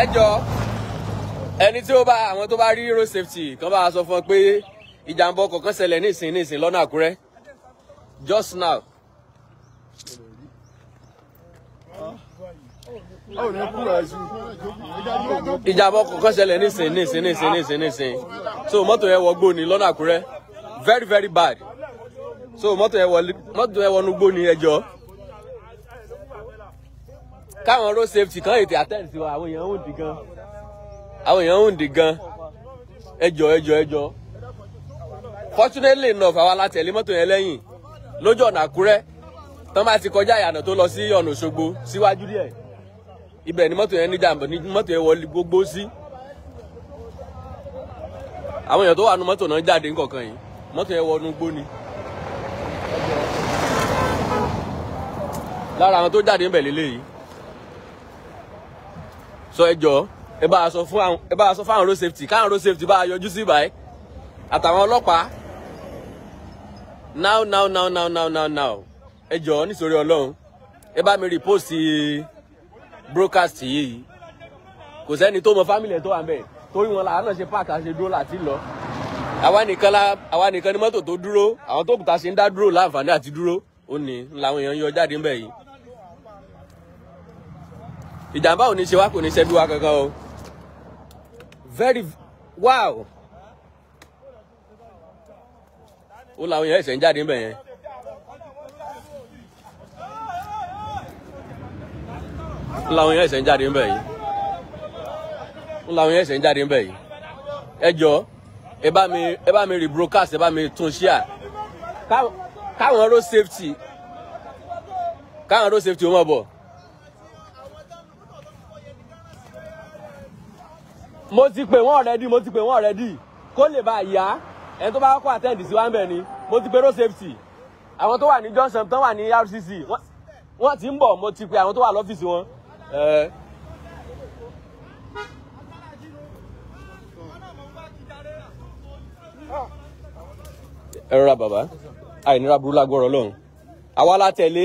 ẹ ẹni tí ó bá àwọn tó bá rí road safety kan bá sọ fún ọ pé ìjàmbá ọkọ̀ kan ṣẹlẹ̀ ní nísìn lọ́nà Àkúrẹ́ just now. ìjàmbá ọkọ̀ kan ṣẹlẹ̀ nísìn ní nísìn ní nísìn so mọ́tò yẹn wọ gbóni lọ́nà Àkúrẹ́ very bad so mọ́tò yẹn wọ mọ́tò yẹn káwọn ro safety kan ètè àtẹ́ǹtì sí wa àwọn èèyàn ń dì gan àwọn èèyàn ń dì gan ẹjọ ẹjọ ẹjọ fortunately enough àwa la tẹ̀lé mọ́tò yẹn lẹ́yìn lójú ọ̀nà àkúrẹ́ tán bá ti kọjá ìyànà tó lọ sí ọ̀nà òṣogbo síwájú díẹ̀ ibẹ̀ ni mọ́tò yẹn ní jàǹbá ní mọ́tò yẹn wọlé gbogbo sí àwọn èèyàn tó wà nu mọ́tò náà jáde nǹkankan yìí mọ́tò yẹn wọnú gbó ni. lára àwọn tó jáde ń bẹ̀ lélẹ́yìí so ẹ ẹ bá sọ fún àwọn ẹ bá sọ fún àwọn road safety káwọn road safety bá yọjú sí ibà ẹ àtàwọn ọlọ́pàá now now now now now now now ẹ jọ nítorí Ọlọ́run ẹ bá mi repost broadcast yìí kò sẹ́ni tó mọ family ẹ̀ tó wà mẹ́ẹ̀ torí wọn làwọn náà ṣe páàkì àṣẹ dúró láti lọ àwa nìkan la àwa nìkan ni mọ́tò tó dúró àwọn tó kùtà ṣe ń dá dúró láǹfààní àti dúró ó ní làwọn èèyàn yọ jáde ńbẹ̀ yìí ìjàmbá ò ní ṣe wá kò ní ṣe bí wa kankan o very wow ó làwọn yẹn ẹsẹ̀ ń jáde níbẹ̀ yẹn. ó làwọn yẹn ẹsẹ̀ ń jáde níbẹ̀ yìí ó làwọn yẹn ẹsẹ̀ ń jáde níbẹ̀ yìí ẹ jọ ẹ bá mi ẹ bá mi rebroadcast ẹ bá mi tún ṣíà káwọn road safety káwọn road safety ó mọ̀ bọ̀. mo ti pè wọ́n already mo ti pè wọ́n already kó lè bá yá ẹni tó bá kọ́ àtẹ́ǹdì sí wa ń bẹ̀ ni mo ti pè road safety àwọn tó wà ní junction tó wà ní RCC wọ́n ti ń bọ̀ mo ti pè àwọn tó wà lọ́fíìsì wọn. ẹ rọra bàbá àìníra burú lágbọ́rọ̀ lọ́hùn àwa la tẹ̀lé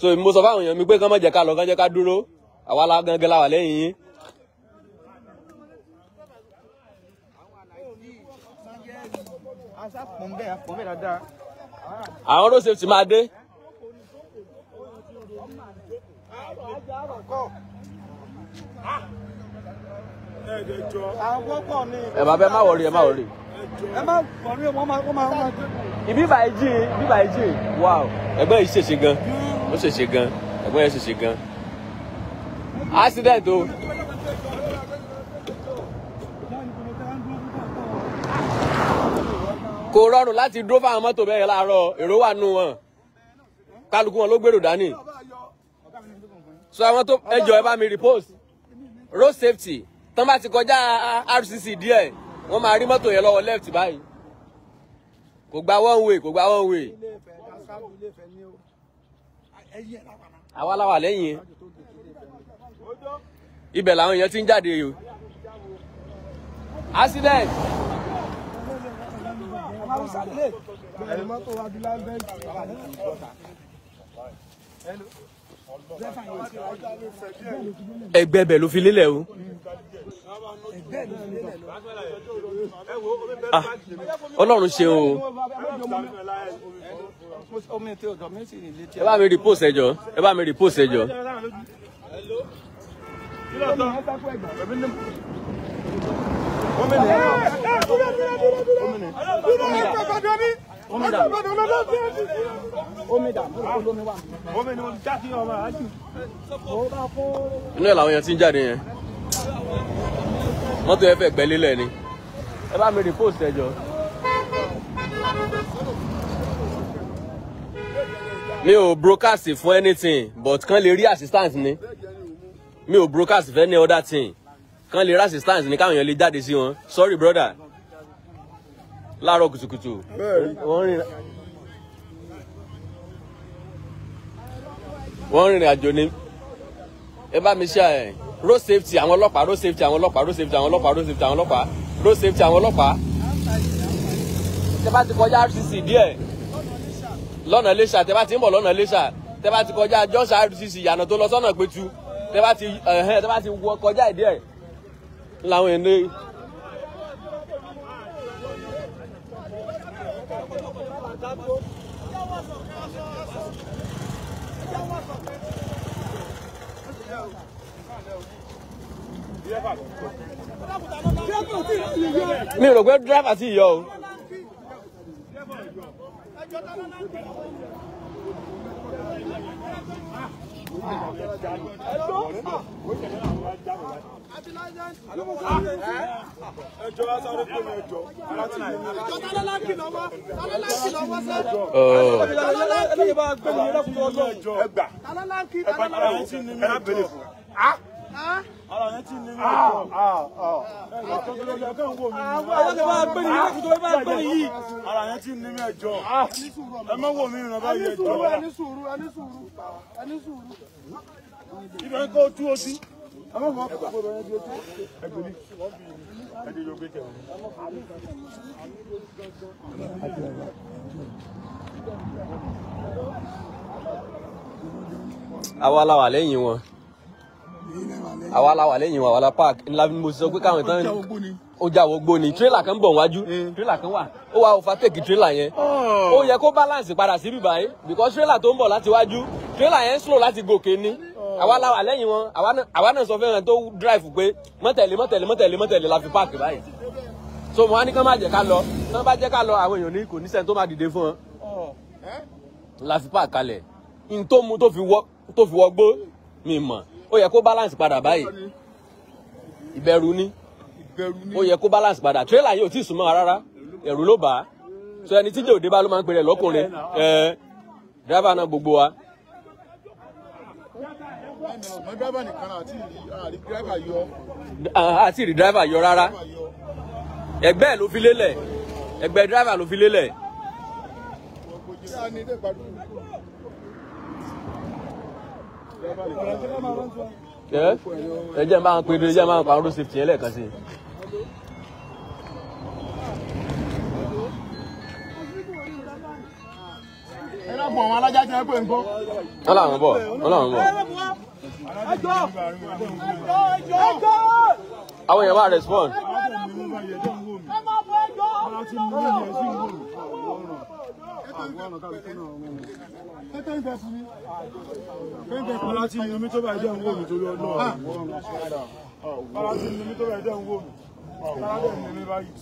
so mo sọ fáwọn èèyàn mi pé kán má jẹ́ ká lọ kán jẹ́ ká dúró àwa la gangan la wà lẹ́yìn yín. àwọn road safety máa dé. ẹ má bẹ má wọrí ẹ má wọrí. ẹ má wọrí wọn máa wọn máa. ibi bàyí jì ibi bàyí jì wow ẹgbẹ́ yìí ṣèṣe gan ó ṣèṣe gan ẹgbẹ́ yẹn ṣèṣe gan accident o. kò rọrùn láti dúró fáwọn mọ́tò bẹ́ẹ̀ láàárọ̀ èrò wà nù wọn kálukú wọn ló gbèrò dání so àwọn tó ẹjọ ẹ bá mi repost road safety tán bá ti kọjá RCC díẹ̀ wọ́n máa rí mọ́tò yẹn lọ́wọ́ left báyìí kò gba one way kò gba one way àwa láwà lẹ́yìn ibẹ̀ làwọn èèyàn ti ń jáde o accident. Àmàrúsá lè bẹ̀rẹ̀ mọ́tò Adúláwọ̀ bẹ́ẹ̀ ẹgbẹ́ bẹ̀ ló fi lélẹ̀ o. Ah, ọlọ́run ṣe o. ẹ bá mi repost ẹjọ ẹ bá mi repost ẹjọ. Hello inú ẹ̀ làwọn èèyàn ti ń jáde yẹn mọ́tò ẹ fẹ́ gbẹ́ lélẹ̀ ni ẹ bá mi repost ẹ jọ. mi ò broadcast for anything but kàn lè rí assistance ni mi ò broadcast for any other thing kán lè resistance ní káwọn èèyàn lè jáde sí wọn sorry brother láàárọ̀ kùtùkùtù wọ́n rìn wọ́n rìnrìn àjò ni ẹ bá mi ṣe road safety àwọn ọlọ́pàá road safety àwọn ọlọ́pàá road safety àwọn ọlọ́pàá road safety àwọn ọlọ́pàá road safety àwọn ọlọ́pàá te bá ti kọjá RCC díẹ̀ lọ́nà Iléṣà tẹ bá ti ń bọ̀ lọ́nà Iléṣà tẹ bá ti kọjá jọ́sà RCC yànà tó lọ sọ́nà Pétu te bá ti tẹ bá ti wọ kọjá ìdí láwọn ẹni mi rò pé dírábà sì yọ o. Thank you. Ah! ọ̀rọ̀ yẹn ti ní ní ọ̀rọ̀ àwọn ọ̀gá bá gbé ní yìí kótó bá gbé ní yìí ọ̀rọ̀ yẹn ti ní ní ẹjọ́ ẹ má wò mí ràn báyìí ẹjọ́ ẹni sùúrù ẹni sùúrù ẹni sùúrù ibẹ̀ kó tú o sí àwa la wà lẹ́yìn wọn àwa la wà lẹ́yìn wọn àwa la park ńlá mo sọ pé káwọn tán ó já wọ gbóni tírélà kan bọ̀ wájú eh. tírélà kan wà ó wà overtake tírélà yẹn oh. ó yẹ kó balance padà sí bíbáyé because tírélà tó ń bọ̀ láti wájú tírélà yẹn slow láti gòkè ni àwa làwà lẹ́yìn wọn àwa náà sọ fẹ́ràn tó drive pé mọ́tẹ̀lé mọ́tẹ̀lé mọ́tẹ̀lé mọ́tẹ̀lé la fi páàkì báyìí so mo wá ní kán má jẹ́ ká lọ kán bá jẹ́ ká lọ àwọn èèyàn ní kò ní sẹ́ni tó má dìde fún wọn la fi páàkì kalẹ̀ n tó mu tó fi wọ gbó mi mọ̀ ó yẹ kó balance padà báyìí ìbẹ̀rù ni ó yẹ kó balance padà tírélà yìí ò tí ì súnmọ́ rárá ẹ̀rù ló bá so ẹni tíjẹ́ òde bá ló máa ń pèrè lọ́kùnrin ẹ̀ẹ́ dráìvà náà gbogbo wa ọ̀gbọ́n dráìvà nìkan àti dráìvà yọ. àti rí dráìvà yọ rárá ẹgbẹ́ ẹ̀ ló fi lélẹ̀ ẹgbẹ́ dráìvà ló fi lélẹ̀. ẹ jẹ́ máa ń pe ẹ jẹ́ máa ń pa road safety yẹn lẹ́ẹ̀kan sí i. ẹ lọ bọ àwọn alájà tí wọn pè ń bọ. wọn làwọn bọ wọn làwọn àwọn èèyàn máa respond. Aláti ni omi tó bá ẹjọ́ ń wò mí torí ọlọ́run. Aláti ni omi tó bá ẹjọ́ ń wò mí. Aláti ni omi báyìí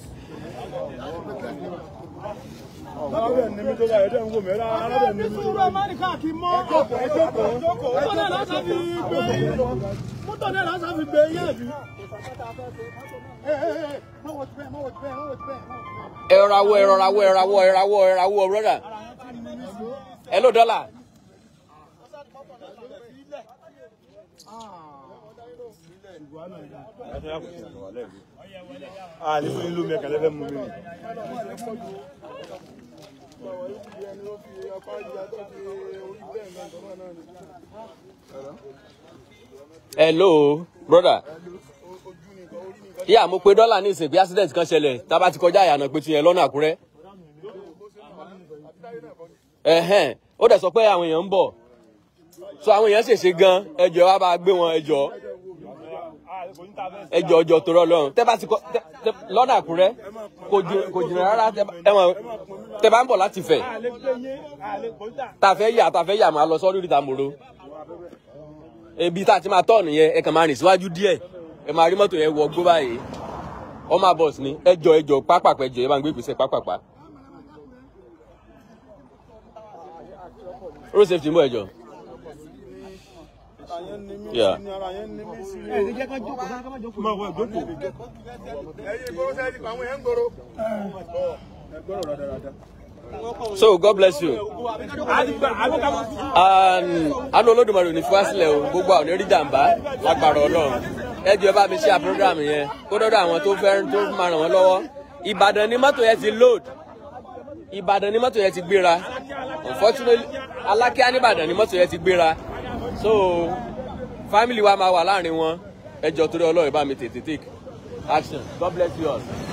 alábẹ̀ ni mi tó bá ẹ̀jẹ̀ ń wò mí rárá alábẹ̀ ni mi. ẹ̀jẹ̀ sùúrù máa ní káàkiri mọ́ ọ̀pọ̀ ẹ̀jẹ̀ kò mọ́tò náà lásán fi gbé mọ́tò náà lásán fi gbé yé ẹ̀jú. ẹ rọra wọ ẹ rọra wọ ẹ rọra wọ ẹ rọra wọ ẹ rọra wọ brother hello dollar hello brother yíyá mo pe dọ́là ní ìsìn accident kan ṣẹlẹ̀ tá a bá ti kọjá àyànà pé ti yẹn lọ́nà àkúrẹ́ ẹ̀hẹ́n ó dẹ̀ sọ pé àwọn èèyàn ń bọ̀ so àwọn èèyàn ṣèṣe gan ẹjọ́ wa bá gbé wọn ẹjọ́ ẹjọ ọjọ tó rọ lọrun tẹ bá ti kọ lọ́nà àkúrẹ́ kò jìnnà rárá ẹwọn tẹ bá ń bọ̀ láti fẹ̀ tàfẹ́ yà tàfẹ́ yà máa lọ sọ́ọ́ lórí ìtàmúró ibi tá a ti máa tọ̀ nìyẹn ẹ kàn máa rìn síwájú díẹ̀ ẹ máa rí mọ́tò yẹn wọ gbó báyìí ọmọ abọ́s ni ẹjọ ẹjọ pápápá ẹjọ ẹ bá ń gbé ìgbésẹ̀ pápápá road safety mú ẹjọ. Yeah. So God bless you. I know Lord Àánú Olódùmarè ò ní Go àsìlẹ̀ o, gbogbo àwọn onírí jàǹbá lágbára Ọlọ́run. Ẹ you ever miss your program yẹn Go dọ́dọ̀ àwọn tó fẹ́ tó máa ràn wọ́n lọ́wọ́. Ìbàdàn ni mọ́tò yẹn ti load. Ìbàdàn ni mọ́tò yẹn ti gbéra. Unfortunately, Alákíá ní Ìbàdàn ni mọ́tò yẹn ti gbéra so family wa máa wà láàrin wọn ẹ jọ torí Ọlọ́run bá mi tètè take action God bless you all.